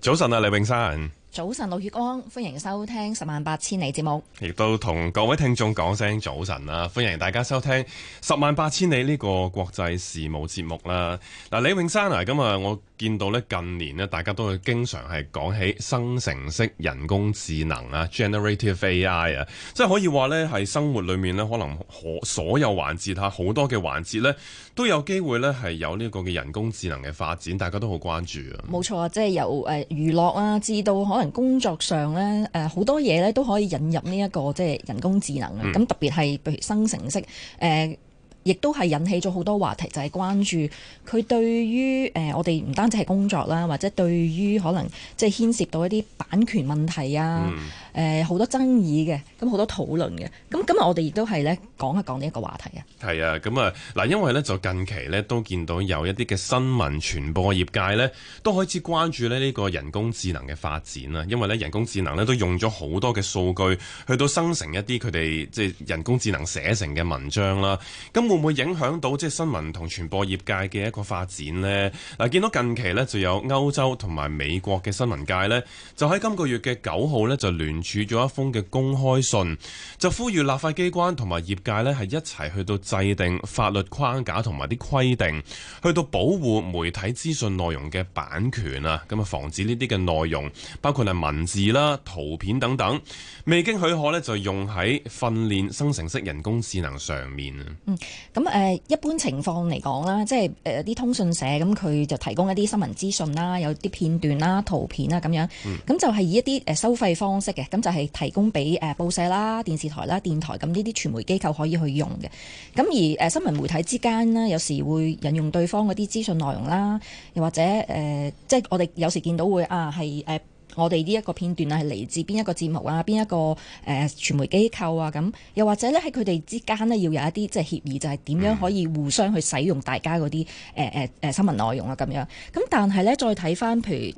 早晨啊，李永山。早晨，陸月光，歡迎收聽《十萬八千里》節目，亦都同各位聽眾講聲早晨啦！歡迎大家收聽《十萬八千里》呢個國際事務節目啦。嗱，李永山啊，咁啊，我見到咧近年咧，大家都係經常係講起生成式人工智能啊，generative AI 啊，即係可以話咧係生活裏面咧可能可所有環節吓好多嘅環節咧都有機會咧係有呢個嘅人工智能嘅發展，大家都好關注啊。冇錯啊，即係由誒娛樂啊，至到可能。工作上咧，誒、呃、好多嘢咧都可以引入呢、這、一個即係、就是、人工智能啊。咁、嗯、特別係譬如生成式，誒、呃、亦都係引起咗好多話題，就係、是、關注佢對於誒、呃、我哋唔單止係工作啦，或者對於可能即係牽涉到一啲版權問題啊。嗯誒好多爭議嘅，咁好多討論嘅，咁今日我哋亦都係咧講一講呢一個話題啊。係啊，咁啊嗱，因為咧就近期咧都見到有一啲嘅新聞傳播業界咧，都開始關注咧呢個人工智能嘅發展啦。因為咧人工智能咧都用咗好多嘅數據去到生成一啲佢哋即係人工智能寫成嘅文章啦。咁會唔會影響到即係新聞同傳播業界嘅一個發展呢？嗱，見到近期咧就有歐洲同埋美國嘅新聞界咧，就喺今個月嘅九號咧就聯署咗一封嘅公開信，就呼籲立法機關同埋業界咧係一齊去到制定法律框架同埋啲規定，去到保護媒體資訊內容嘅版權啊！咁啊，防止呢啲嘅內容，包括係文字啦、圖片等等，未經許可呢，就用喺訓練生成式人工智能上面，嗯，咁誒、呃、一般情況嚟講啦，即係誒啲通訊社咁，佢、嗯、就提供一啲新聞資訊啦，有啲片段啦、圖片啊咁樣，咁、嗯、就係以一啲誒收費方式嘅。咁就係提供俾誒、呃、報社啦、電視台啦、電台咁呢啲傳媒機構可以去用嘅。咁而誒、呃、新聞媒體之間呢，有時會引用對方嗰啲資訊內容啦，又或者誒，即、呃、係、就是、我哋有時見到會啊，係誒、呃、我哋呢一個片段啊係嚟自邊一個節目啊，邊一個誒、呃、傳媒機構啊，咁又或者咧喺佢哋之間呢，要有一啲即係協議，就係、是、點樣可以互相去使用大家嗰啲誒誒新聞內容啊，咁樣。咁但係咧，再睇翻譬如。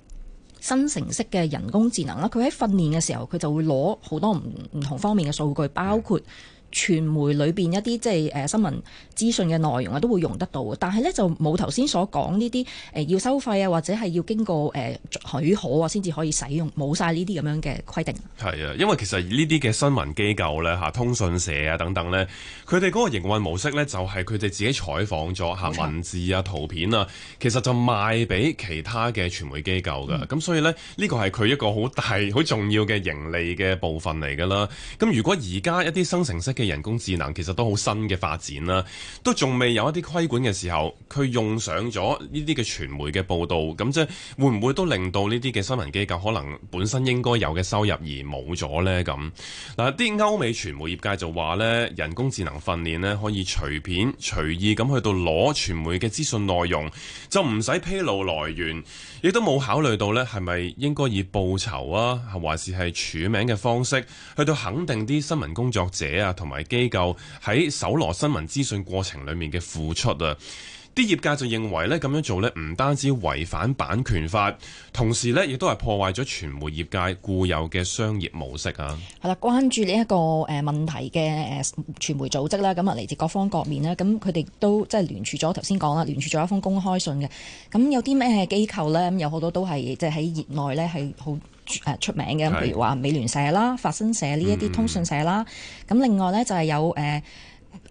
生成式嘅人工智能啦，佢喺訓練嘅時候，佢就會攞好多唔唔同方面嘅數據，包括，傳媒裏面一啲即係、呃、新聞資訊嘅內容啊，都會用得到。但係咧就冇頭先所講呢啲要收費啊，或者係要經過誒、呃、許可啊，先至可以使用，冇晒呢啲咁樣嘅規定。係啊，因為其實呢啲嘅新聞機構咧通訊社啊等等咧，佢哋嗰個營運模式咧就係佢哋自己採訪咗下文字啊圖片啊，其實就賣俾其他嘅傳媒機構㗎。咁、嗯、所以咧呢個係佢一個好大好重要嘅盈利嘅部分嚟㗎啦。咁如果而家一啲新程式嘅人工智能其實都好新嘅發展啦，都仲未有一啲規管嘅時候，佢用上咗呢啲嘅傳媒嘅報導，咁即係會唔會都令到呢啲嘅新聞機構可能本身應該有嘅收入而冇咗呢？咁嗱，啲歐美傳媒業界就話呢，人工智能訓練呢可以隨便隨意咁去到攞傳媒嘅資訊內容，就唔使披露來源，亦都冇考慮到呢係咪應該以報酬啊，還是係署名嘅方式去到肯定啲新聞工作者啊同。為機構喺搜羅新聞資訊過程裏面嘅付出啊，啲業界就認為咧，咁樣做咧唔單止違反版權法，同時咧亦都係破壞咗傳媒業界固有嘅商業模式啊。係啦，關注呢一個誒問題嘅誒傳媒組織啦，咁啊嚟自各方各面啦，咁佢哋都即係聯署咗，頭先講啦，聯署咗一封公開信嘅。咁有啲咩機構咧，咁有好多都係即係喺業內咧係好。誒出名嘅咁，譬如話美聯社啦、法新社呢一啲通訊社啦，咁、嗯、另外咧就係有誒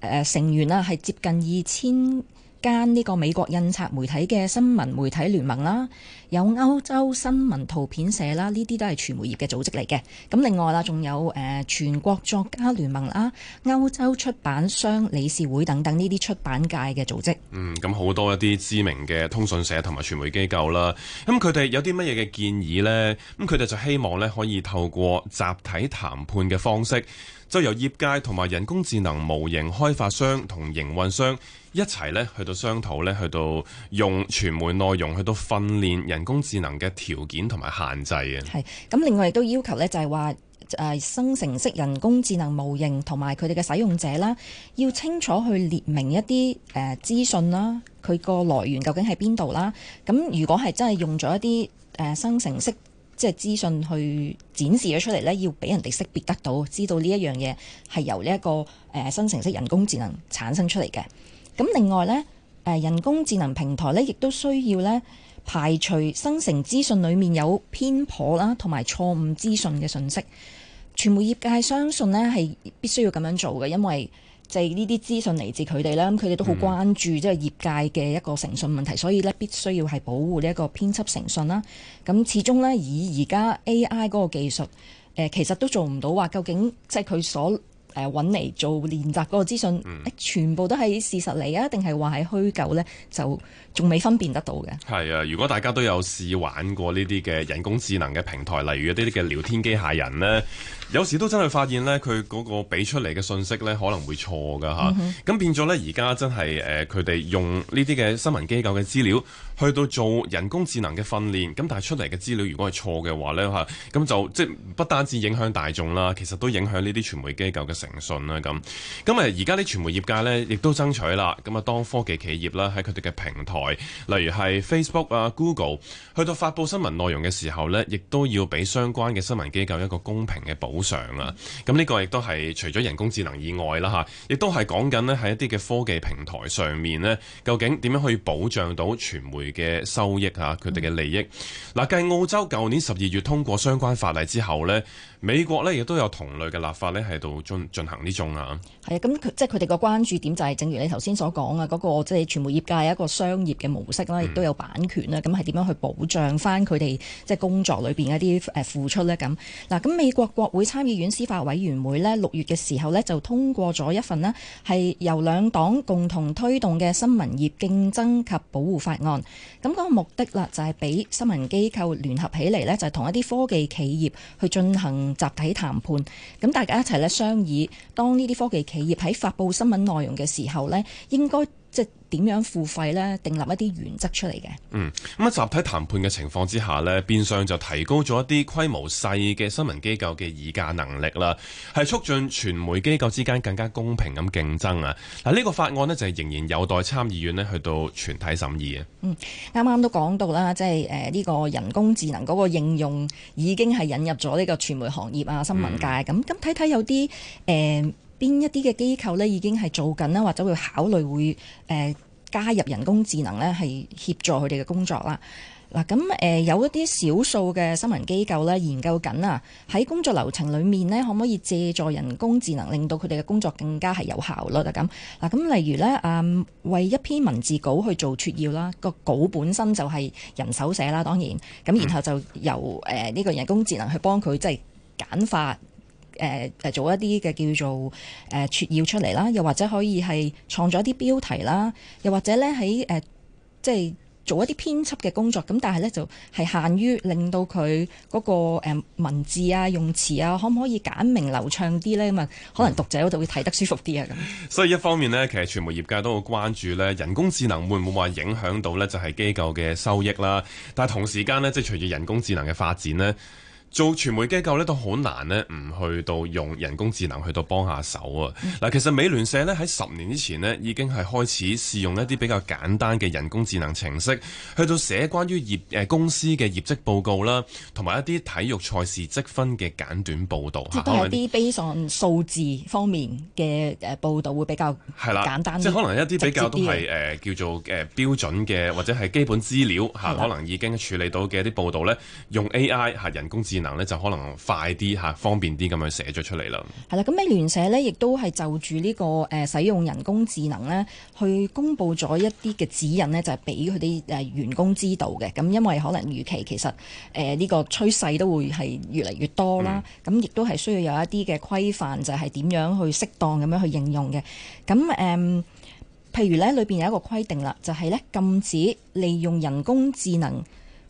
誒成員啦，係接近二千。間呢個美國印刷媒體嘅新聞媒體聯盟啦，有歐洲新聞圖片社啦，呢啲都係傳媒業嘅組織嚟嘅。咁另外啦，仲有誒全國作家聯盟啦、歐洲出版商理事會等等呢啲出版界嘅組織。嗯，咁好多一啲知名嘅通訊社同埋傳媒機構啦。咁佢哋有啲乜嘢嘅建議呢？咁佢哋就希望呢，可以透過集體談判嘅方式。就由業界同埋人工智能模型開發商同營運商一齊咧，去到商討咧，去到用傳媒內容去到訓練人工智能嘅條件同埋限制啊。係，咁另外亦都要求咧，就係話誒生成式人工智能模型同埋佢哋嘅使用者啦，要清楚去列明一啲誒、呃、資訊啦，佢個來源究竟喺邊度啦。咁如果係真係用咗一啲、呃、生成式即係資訊去展示咗出嚟咧，要俾人哋識別得到，知道呢一樣嘢係由呢、這、一個誒、呃、生成式人工智能產生出嚟嘅。咁另外咧，誒、呃、人工智能平台咧，亦都需要咧排除生成資訊裡面有偏頗啦，同埋錯誤資訊嘅信息。傳媒業界相信咧，係必須要咁樣做嘅，因為，就係呢啲資訊嚟自佢哋啦，咁佢哋都好關注即係業界嘅一個誠信問題，嗯、所以咧必須要係保護呢一個編輯誠信啦。咁始終咧以而家 AI 嗰個技術，誒其實都做唔到話究竟即係佢所誒搵嚟做練習嗰個資訊、嗯，全部都係事實嚟啊，定係話係虛構咧就？仲未分辨得到嘅。係啊，如果大家都有試玩過呢啲嘅人工智能嘅平台，例如一啲啲嘅聊天機械人呢，有時都真係發現呢，佢嗰個俾出嚟嘅信息呢可能會錯㗎吓。咁、嗯、變咗呢，而家真係誒，佢哋用呢啲嘅新聞機構嘅資料去到做人工智能嘅訓練，咁但係出嚟嘅資料如果係錯嘅話呢，吓，咁就即係不單止影響大眾啦，其實都影響呢啲傳媒機構嘅誠信啦。咁咁啊，而家啲傳媒業界呢，亦都爭取啦。咁啊，當科技企業啦喺佢哋嘅平台。例如係 Facebook 啊、Google 去到發佈新聞內容嘅時候呢，亦都要俾相關嘅新聞機構一個公平嘅補償啊。咁呢個亦都係除咗人工智能以外啦吓，亦都係講緊喺一啲嘅科技平台上面究竟，點樣可以保障到傳媒嘅收益吓，佢哋嘅利益。嗱，繼澳洲舊年十二月通過相關法例之後呢，美國呢亦都有同類嘅立法喺度進進行呢種啊。係啊，咁即係佢哋個關注點就係，正如你頭先所講啊，嗰個即係傳媒業界一個商業。嘅模式啦，亦都有版權啦，咁係點樣去保障翻佢哋即係工作裏邊一啲誒付出咧？咁嗱，咁美國國會參議院司法委員會咧，六月嘅時候咧就通過咗一份咧係由兩黨共同推動嘅新聞業競爭及保護法案。咁嗰個目的啦，就係俾新聞機構聯合起嚟咧，就同一啲科技企業去進行集體談判。咁大家一齊咧商議，當呢啲科技企業喺發布新聞內容嘅時候咧，應該。即係點樣付費呢？訂立一啲原則出嚟嘅。嗯，咁啊集體談判嘅情況之下呢，變相就提高咗一啲規模細嘅新聞機構嘅議價能力啦，係促進傳媒機構之間更加公平咁競爭啊！嗱，呢個法案呢，就係仍然有待參議院呢去到全體審議嘅。嗯，啱啱都講到啦，即係誒呢個人工智能嗰個應用已經係引入咗呢個傳媒行業啊、新聞界咁，咁睇睇有啲誒。呃邊一啲嘅機構咧已經係做緊啦，或者會考慮會誒加入人工智能咧，係協助佢哋嘅工作啦。嗱咁誒有一啲少數嘅新聞機構咧研究緊啊，喺工作流程裡面咧，可唔可以借助人工智能令到佢哋嘅工作更加係有效率啊？咁嗱咁例如咧，嗯，為一篇文字稿去做撮要啦，個稿本身就係人手寫啦，當然咁，然後就由誒呢個人工智能去幫佢即係簡化。誒、呃、做一啲嘅叫做誒撮要出嚟啦，又或者可以係創作一啲標題啦，又或者咧喺誒即係做一啲編輯嘅工作，咁但係咧就係、是、限於令到佢嗰、那個、呃、文字啊、用詞啊，可唔可以簡明流暢啲咧？咁啊，可能讀者嗰度會睇得舒服啲啊咁。所以一方面呢，其實傳媒業界都好關注咧，人工智能會唔會話影響到咧，就係、是、機構嘅收益啦。但係同時間呢，即係隨住人工智能嘅發展呢。做傳媒機構咧都好難咧，唔去到用人工智能去到幫下手啊！嗱，其實美聯社咧喺十年之前咧已經係開始試用一啲比較簡單嘅人工智能程式，去到寫關於業誒公司嘅業績報告啦，同埋一啲體育賽事積分嘅簡短報道，即係都係一啲 basic 數字方面嘅誒報道會比較簡單，即可能一啲比較都係、呃、叫做誒、呃、標準嘅或者係基本資料吓可能已經處理到嘅一啲報道咧，用 AI 吓人工智能。能咧就可能快啲吓方便啲咁樣寫咗出嚟啦。係啦，咁美聯社咧亦都係就住呢、這個誒、呃、使用人工智能咧，去公布咗一啲嘅指引呢就係俾佢啲誒員工知道嘅。咁因為可能預期其實誒呢、呃這個趨勢都會係越嚟越多啦。咁亦都係需要有一啲嘅規範，就係點樣去適當咁樣去應用嘅。咁誒、呃，譬如咧裏邊有一個規定啦，就係、是、咧禁止利用人工智能，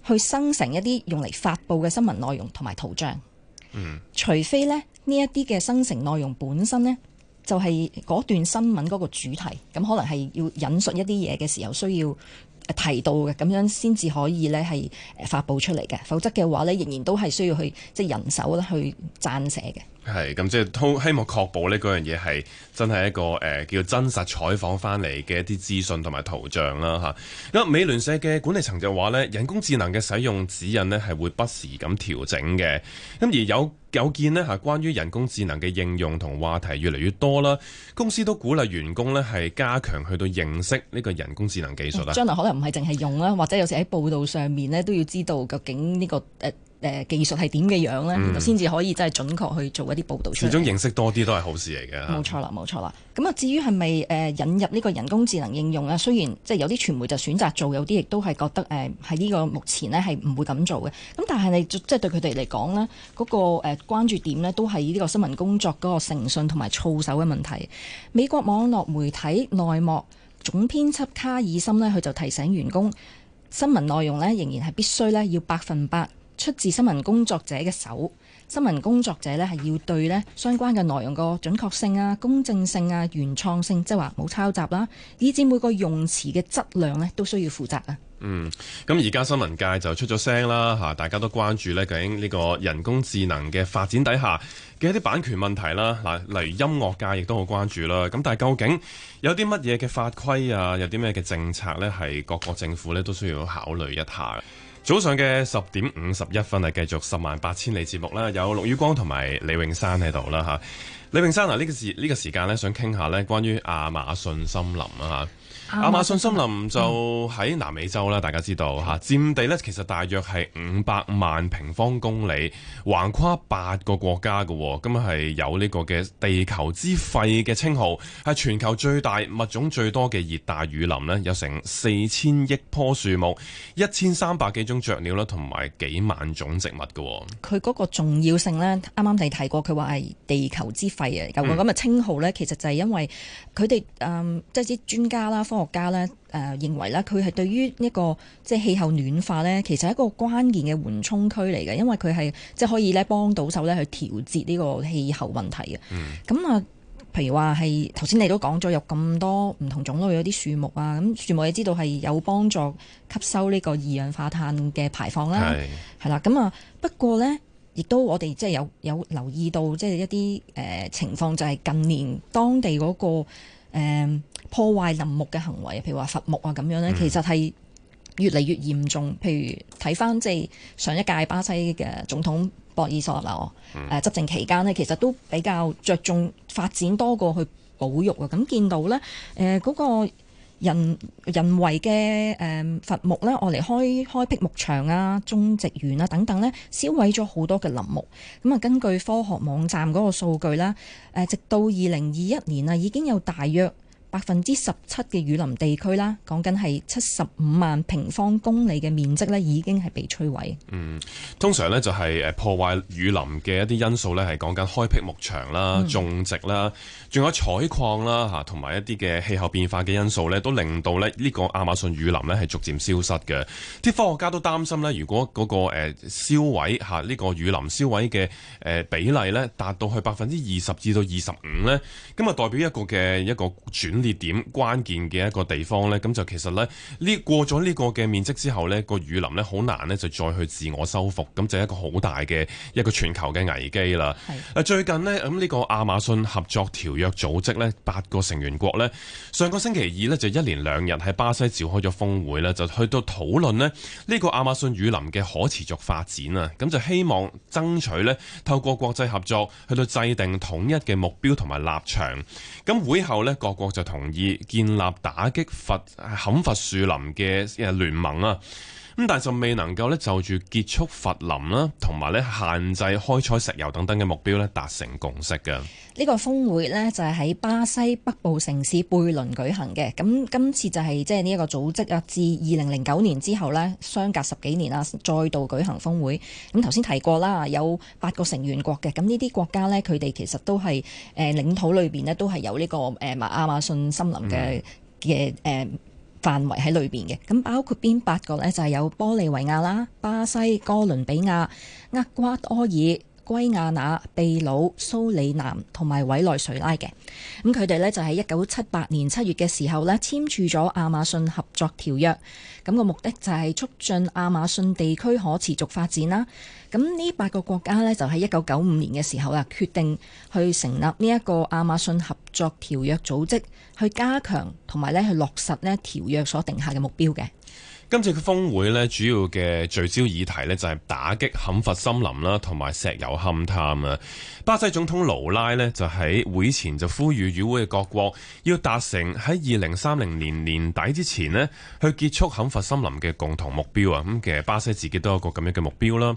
去生成一啲用嚟發佈嘅新聞內容同埋圖像，嗯、除非咧呢一啲嘅生成內容本身呢，就係嗰段新聞嗰個主題，咁可能係要引述一啲嘢嘅時候需要。提到嘅咁樣先至可以呢係發布出嚟嘅，否則嘅話呢，仍然都係需要去即係人手去撰寫嘅。係，咁即係希望確保呢嗰樣嘢係真係一個誒、呃、叫真實採訪翻嚟嘅一啲資訊同埋圖像啦嚇。咁美聯社嘅管理層就話呢人工智能嘅使用指引呢係會不時咁調整嘅。咁而有。有件咧嚇，關於人工智能嘅應用同話題越嚟越多啦。公司都鼓勵員工咧，係加強去到認識呢個人工智能技術啊。將來可能唔係淨係用啦，或者有時喺報道上面咧，都要知道究竟呢個誒誒、呃、技術係點嘅樣，樣呢？然後先至可以真係準確去做一啲報導。始終認識多啲都係好事嚟嘅，冇錯啦，冇錯啦。咁啊，至於係咪誒引入呢個人工智能應用啊？雖然即係有啲傳媒就選擇做，有啲亦都係覺得誒喺呢個目前咧係唔會咁做嘅。咁但係你即係、就是、對佢哋嚟講呢嗰個誒關注點咧都係呢個新聞工作嗰個誠信同埋操守嘅問題。美國網絡媒體內幕總編輯卡爾森呢，佢就提醒員工新聞內容呢仍然係必須咧要百分百。出自新聞工作者嘅手，新聞工作者咧係要對咧相關嘅內容個準確性啊、公正性啊、原創性，即係話冇抄襲啦，以至每個用詞嘅質量咧都需要負責啊。嗯，咁而家新聞界就出咗聲啦，嚇大家都關注咧，究竟呢個人工智能嘅發展底下嘅一啲版權問題啦，嗱，例如音樂界亦都好關注啦。咁但係究竟有啲乜嘢嘅法規啊，有啲咩嘅政策呢？係各個政府咧都需要考慮一下。早上嘅十點五十一分，係繼續十萬八千里節目啦，有陸宇光同埋李永山喺度啦，吓。李明生，嗱，呢、呢個時呢個時間咧，想傾下咧，關於亞馬遜森林啊嚇。亞馬遜森林就喺南美洲咧，大家知道吓，佔地咧，其實大約係五百萬平方公里，橫跨八個國家嘅，咁係有呢個嘅地球之肺嘅稱號，係全球最大、物種最多嘅熱帶雨林咧，有成四千億棵樹木，一千三百幾種雀鳥啦，同埋幾萬種植物嘅。佢嗰個重要性咧，啱啱你提過，佢話係地球之肺。係啊，有個咁嘅稱號咧，其實就係因為佢哋誒，即係啲專家啦、科學家咧，誒、呃、認為啦，佢係對於呢個即係氣候暖化咧，其實係一個關鍵嘅緩衝區嚟嘅，因為佢係即係可以咧幫到手咧去調節呢個氣候問題嘅。咁、嗯、啊，譬如話係頭先你都講咗有咁多唔同種類嗰啲樹木啊，咁樹木你知道係有幫助吸收呢個二氧化碳嘅排放啦，係啦。咁啊，不過咧。亦都我哋即係有有留意到，即係一啲誒情況，就係、是、近年當地嗰、那個、嗯、破壞林木嘅行為，譬如話伐木啊咁樣咧，其實係越嚟越嚴重。譬如睇翻即係上一屆巴西嘅總統博爾索納羅誒執政期間咧、嗯，其實都比較着重發展多過去保育啊。咁見到咧，誒、呃、嗰、那個。人人為嘅誒伐木咧，我嚟開開闢牧場啊、種植園啊等等咧，燒毀咗好多嘅林木。咁、嗯、啊，根據科學網站嗰個數據啦，誒、呃，直到二零二一年啊，已經有大約。百分之十七嘅雨林地區啦，講緊係七十五萬平方公里嘅面積咧，已經係被摧毀。嗯，通常咧就係誒破壞雨林嘅一啲因素咧，係講緊開闢牧場啦、嗯、種植啦，仲有採礦啦吓同埋一啲嘅氣候變化嘅因素咧，都令到咧呢個亞馬遜雨林咧係逐漸消失嘅。啲科學家都擔心咧，如果嗰個誒燒毀嚇呢個雨林銷毀嘅誒比例咧，達到去百分之二十至到二十五咧，咁啊代表一個嘅一個轉，呢點關鍵嘅一個地方咧，咁就其實咧，呢過咗呢個嘅面積之後咧，個雨林咧好難咧就再去自我修復，咁就一個好大嘅一個全球嘅危機啦。係啊，最近咧，咁呢個亞馬遜合作條約組織咧，八個成員國咧，上個星期二咧就一連兩日喺巴西召開咗峰會咧，就去到討論咧呢個亞馬遜雨林嘅可持續發展啊，咁就希望爭取咧透過國際合作去到制定統一嘅目標同埋立場。咁會後咧，各國就。同意建立打擊伐砍伐樹林嘅聯盟啊！咁但係就未能夠咧，就住結束伐林啦，同埋咧限制開採石油等等嘅目標咧達成共識嘅。呢個峰會呢，就係喺巴西北部城市貝倫舉行嘅。咁今次就係即係呢一個組織啊，自二零零九年之後呢，相隔十幾年啊，再度舉行峰會。咁頭先提過啦，有八個成員國嘅。咁呢啲國家呢，佢哋其實都係誒領土裏邊咧都係有呢個誒亞馬遜森林嘅嘅誒。嗯範圍喺裏邊嘅咁，包括邊八個咧？就係、是、有玻利維亞啦、巴西、哥倫比亞、厄瓜多爾。圭亞那、秘魯、蘇里南同埋委內瑞拉嘅，咁佢哋呢就喺一九七八年七月嘅時候呢簽署咗亞馬遜合作條約，咁個目的就係促進亞馬遜地區可持續發展啦。咁呢八個國家呢，就喺一九九五年嘅時候啦，決定去成立呢一個亞馬遜合作條約組織，去加強同埋咧去落實呢條約所定下嘅目標嘅。今次嘅峰會咧，主要嘅聚焦議題咧就係打擊砍伐森林啦，同埋石油勘探啊。巴西總統盧拉咧就喺會前就呼籲與會嘅各國要達成喺二零三零年年底之前咧去結束砍伐森林嘅共同目標啊。咁其實巴西自己都有個咁樣嘅目標啦。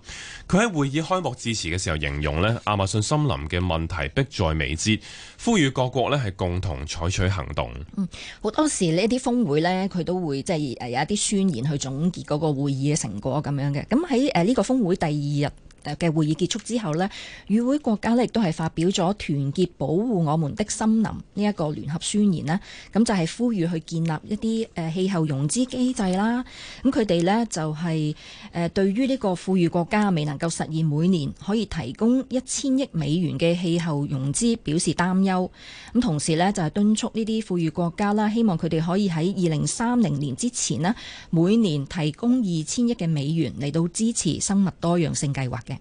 佢喺會議開幕致辭嘅時候形容咧，亞馬遜森林嘅問題迫在眉睫，呼籲各國咧係共同採取行動。嗯，好多時呢一啲峰會咧，佢都會即係有一啲宣言。去總結嗰個會議嘅成果咁樣嘅，咁喺誒呢個峰會第二日嘅會議結束之後咧，與會國家咧亦都係發表咗團結保護我們的森林呢一個聯合宣言呢，咁就係呼籲去建立一啲誒氣候融資機制啦。咁佢哋呢就係誒對於呢個富裕國家未能夠實現每年可以提供一千億美元嘅氣候融資表示擔憂。咁同時呢，就係敦促呢啲富裕國家啦，希望佢哋可以喺二零三零年之前呢，每年提供二千億嘅美元嚟到支持生物多樣性計劃嘅。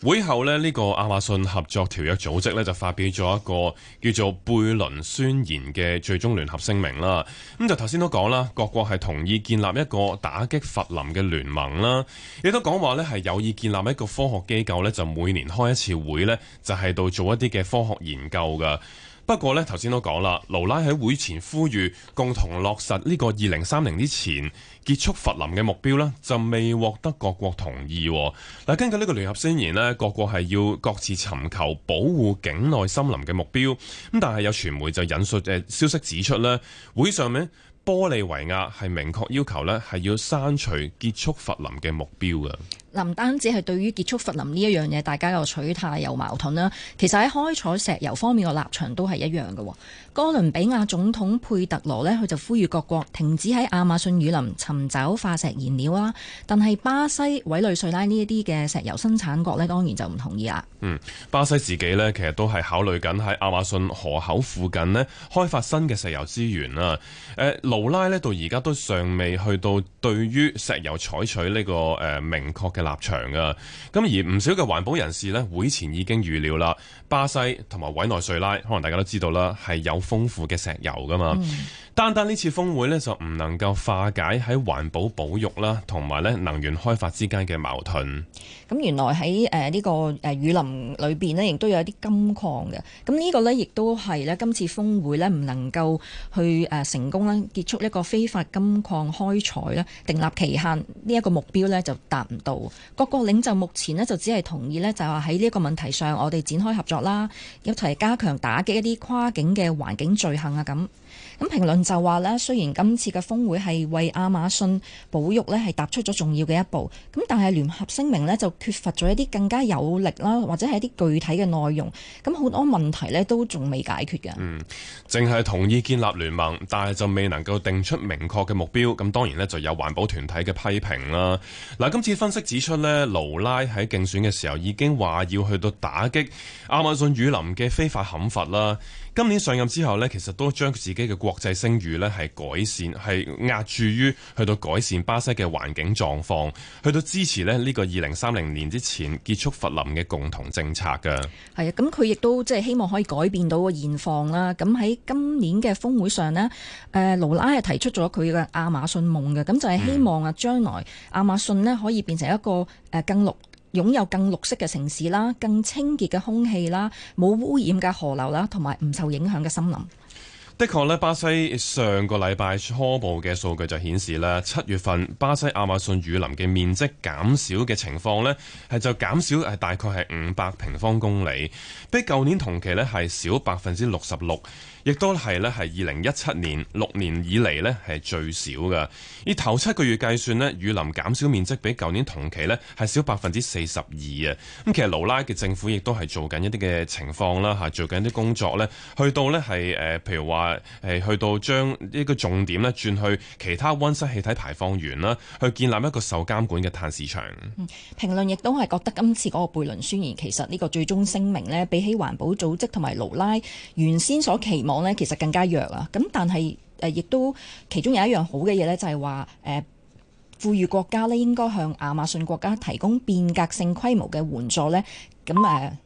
會後咧，呢、這個亞馬遜合作條約組織咧就發表咗一個叫做《貝倫宣言》嘅最終聯合聲明啦。咁、嗯、就頭先都講啦，各國係同意建立一個打擊伐林嘅聯盟啦。亦都講話咧係有意建立一個科學機構咧，就每年開一次會咧，就係度做一啲嘅科學研究噶。不過咧，頭先都講啦，盧拉喺會前呼籲共同落實呢個二零三零之前結束伐林嘅目標呢，就未獲得各國同意、哦。嗱，根據呢個聯合宣言呢，各國係要各自尋求保護境內森林嘅目標。咁但係有傳媒就引述、呃、消息指出呢，會上面玻利維亞係明確要求呢，係要刪除結束伐林嘅目標嘅。唔單止係對於結束伐林呢一樣嘢，大家又取態有矛盾啦。其實喺開採石油方面嘅立場都係一樣嘅。哥倫比亞總統佩特羅呢，佢就呼籲各國停止喺亞馬遜雨林尋找化石燃料啦。但係巴西、委內瑞拉呢一啲嘅石油生產國呢，當然就唔同意啦、嗯。巴西自己呢，其實都係考慮緊喺亞馬遜河口附近咧開發新嘅石油資源啦。誒、呃，盧拉呢，到而家都尚未去到對於石油採取呢、這個誒、呃、明確嘅立場噶，咁而唔少嘅環保人士呢，會前已經預料啦。巴西同埋委內瑞拉，可能大家都知道啦，係有豐富嘅石油噶嘛。單單呢次峰會呢，就唔能夠化解喺環保保育啦，同埋呢能源開發之間嘅矛盾。咁原來喺誒呢個誒雨林裏邊呢，亦都有啲金礦嘅。咁呢個呢，亦都係呢今次峰會呢，唔能夠去誒成功啦結束一個非法金礦開採啦，訂立期限呢一個目標呢，就達唔到。各國領袖目前咧就只係同意呢，就話喺呢一個問題上，我哋展開合作啦，一齊加強打擊一啲跨境嘅環境罪行啊咁。咁評論就話呢，雖然今次嘅峰會係為亞馬遜保育呢係踏出咗重要嘅一步，咁但係聯合聲明呢就缺乏咗一啲更加有力啦，或者係一啲具體嘅內容，咁好多問題呢都仲未解決嘅。嗯，淨係同意建立聯盟，但係就未能夠定出明確嘅目標。咁當然呢就有環保團體嘅批評啦。嗱，今次分析指出呢，盧拉喺競選嘅時候已經話要去到打擊亞馬遜雨林嘅非法砍伐啦。今年上任之後，呢其實都將自己嘅國際聲譽呢係改善，係壓住於去到改善巴西嘅環境狀況，去到支持呢呢個二零三零年之前結束伐林嘅共同政策㗎。係啊，咁佢亦都即係希望可以改變到個現況啦。咁喺今年嘅峰會上呢，誒盧拉係提出咗佢嘅亞馬遜夢嘅，咁就係、是、希望啊將來亞馬遜呢可以變成一個更綠。擁有更綠色嘅城市啦，更清潔嘅空氣啦，冇污染嘅河流啦，同埋唔受影響嘅森林。的確呢，巴西上個禮拜初步嘅數據就顯示咧，七月份巴西亞馬遜雨林嘅面積減少嘅情況呢，係就減少係大概係五百平方公里，比舊年同期呢係少百分之六十六。亦都係咧，係二零一七年六年以嚟，呢係最少嘅。以頭七個月計算呢，雨林減少面積比舊年同期呢係少百分之四十二啊。咁其實盧拉嘅政府亦都係做緊一啲嘅情況啦，嚇，做緊啲工作呢，去到呢係誒，譬如話誒，去到將呢個重點咧轉去其他溫室氣體排放源啦，去建立一個受監管嘅碳市場。嗯，評論亦都係覺得今次嗰個貝倫宣言其實呢個最終聲明呢，比起環保組織同埋盧拉原先所期網咧其實更加弱啦，咁但係誒亦都其中有一樣好嘅嘢咧，就係話誒富裕國家咧應該向亞馬遜國家提供變革性規模嘅援助咧，咁誒。呃